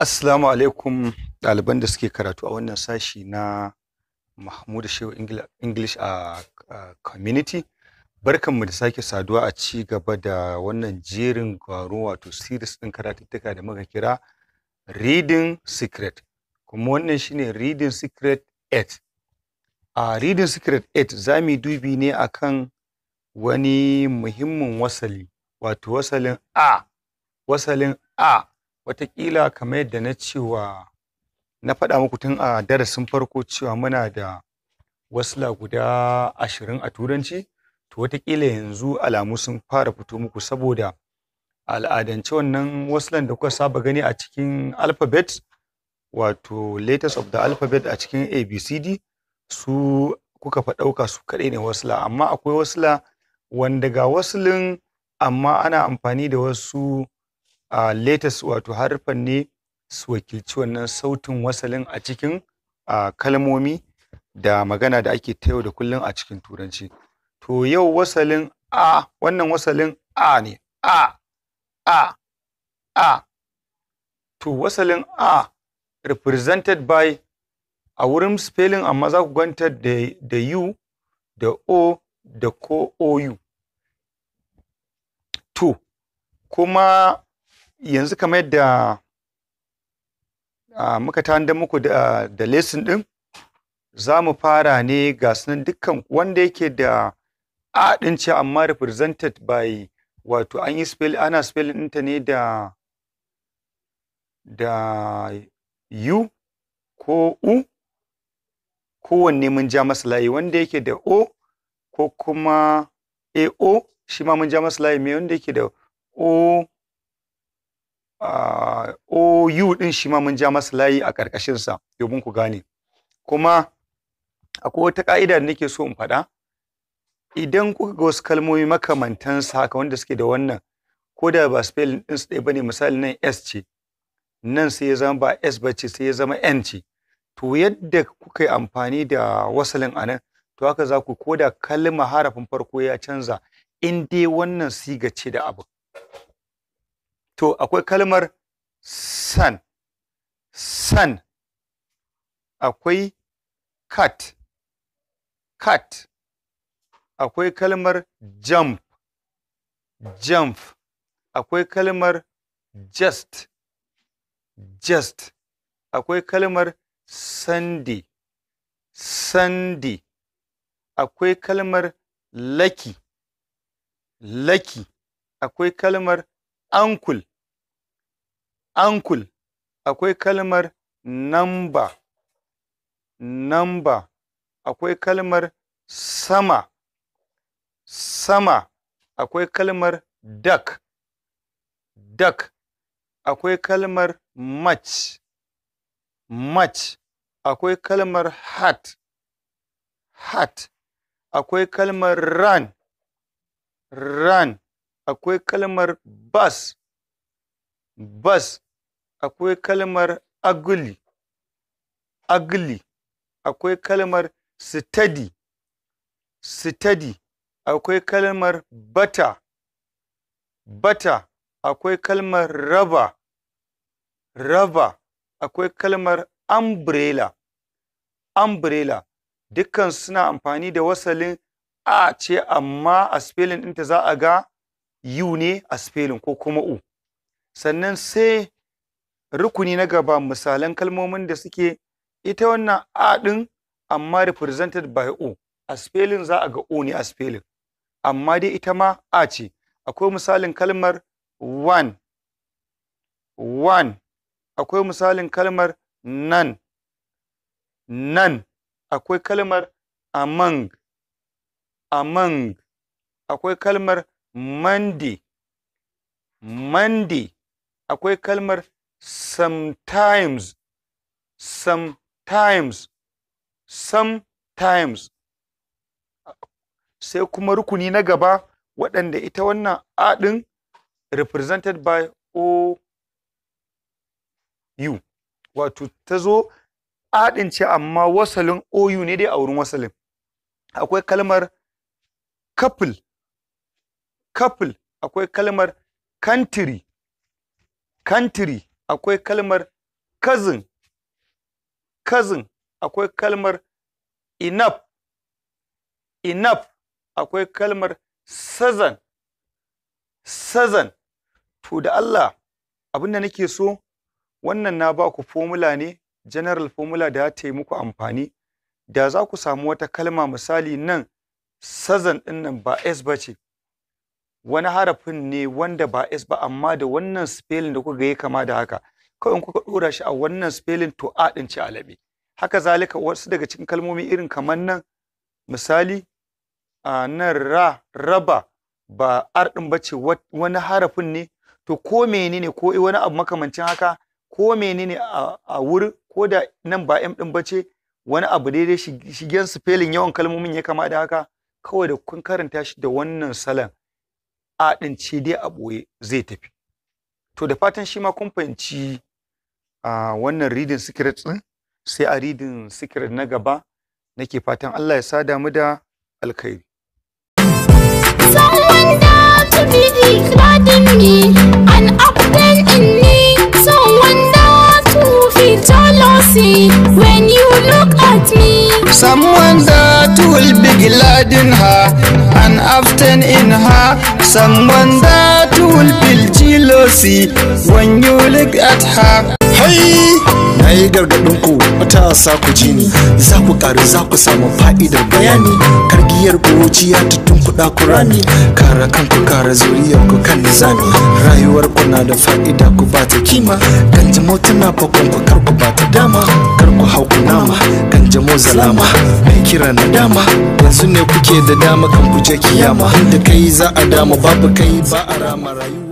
Assalamu alaikum ɗaliban da suke karatu a wannan sashi na Mahmud Shehu English a community. Barkanmu da sake saduwa a ci gaba da wannan jerin gwaro wato series ɗin karatuttuka da muka kira Reading Secret. Kuma wannan shine Reading Secret 8. A Reading Secret 8 za mu dubi ne akan wani muhimmin wasali wato wasalin A. Wasalin A. wataƙila kamar yadda na cewa na faɗa muku tun a darasin farko cewa muna da wasla guda ashirin a turanci to wataƙila yanzu alamu sun fara fito muku saboda al'adance wannan waslan da kuka saba gani a cikin alfabet, wato latest of the alphabet a cikin abcd su kuka fa ɗauka su kaɗai ne wasla amma akwai wasla wanda ga waslin amma ana amfani da wasu a latest wato harfan ne su wakilci wannan sautin wasalin a cikin kalmomi da magana da ake ta yau da kullum a cikin turanci to yau wasalin a wannan wasalin a ne a a a to wasalin a represented by a wurin spelling amma za ku ganta da u da o da ko ou to kuma yanzu kamar yadda ah, muka tanadar muku da, da lesson ɗin za mu fara ne ga sunan dukkan wanda yake da a amma represented by wato an yi spell ana spell ɗinta ne da da u ko u kowanne mun ja masa layi wanda yake da o ko kuma o shi ma mun ja masa layi mai wanda yake da o kawo ɗin din shi ma mun ja masa layi a ƙarƙashin sa domin ku gane kuma akwai wata ƙa'ida da nake so in faɗa idan kuka ga wasu kalmomi makamantan haka wanda suke da wannan ko da ba spelling din su ɗaya bane misali nan s ce nan sai ya zama ba s ba ce sai ya zama n ce to yadda kuka yi amfani da wasalin a nan to haka za ku koda kalma harafin farko ya canza in dai wannan siga ce da abu to akwai kalmar san san akwai kat, kat, akwai kalmar jump jump akwai kalmar just just akwai kalmar sandi, sandi, akwai kalmar laki, laki, akwai kalmar uncle ankul akwai kalmar namba namba akwai kalmar sama sama akwai kalmar duck duck akwai kalmar much much akwai kalmar hat hat akwai kalmar run run akwai kalmar bus bus akwai kalmar agli agli akwai kalmar sitadi, sitadi akwai kalmar bata bata akwai kalmar raba raba akwai kalmar ambrela. umbrella dukkan suna amfani da wasalin a ce amma a spelling ɗinta za a ga u ne a spelling ko kuma u sannan sai rukuni na gaba misalan kalmomin da suke ita wannan a din amma represented by o a spelling za a ga o ne a spelling amma dai ita ma a ce akwai misalin kalmar one one akwai misalin kalmar nan nan akwai kalmar among among akwai kalmar monday monday akwai kalmar sometimes sometimes sometimes sai kuma rukuni na gaba waɗanda ita wannan adin represented by o u wato ta zo a ce amma wasalin o u ne dai a wurin wasalin akwai kalmar couple couple akwai kalmar country country akwai kalmar cousin cousin akwai kalmar enough enough akwai kalmar sazan sazan to da Allah abinda nake so wannan na ba ku formula ne general formula da ya yi muku amfani da za ku samu wata kalma misali nan sazan ɗin nan ba s ba ce wani harafin ne wanda ba S ba amma da wannan spelling da kuka ga kama da haka kawai in kuka dora shi a wannan spelling to a din ci alabi haka zalika wasu daga cikin kalmomi irin kamar nan misali a nan ra raba ba ar din bace wani harafin ne to ko menene ko eh wani abu makamancin haka ko menene a wuri ko da nan ba m din bace wani abu daidai shigen spelling yawan kalmomin ya kama da haka kawai da kun karanta shi da wannan salon a din ce dai a ɓoye zai tafi to da fatan shi ma kun fahimci wannan reading secret din sai a reading secret na gaba nake fatan Allah ya sada mu da alkhairi Someone that will be glad in her and often in her someone that will feel jealousy when you look at her hey na yi gargaɗin ku sa ku ji ni za ku kare za ku samu fa'idar bayani kargiyar ƙuruciya ta tunkuɗa ku rami kara kanku kara zuriyar ku kan nizami rayuwar ku na da fa'ida ku ba ta kima ji motuna fakon ku kar ku ba ta dama kar ku hau ku nama jamo zalama mai kira na dama yanzu ne kuke da dama kan kuje kiyama da kai za a dama babu kai ba a rama rayuwa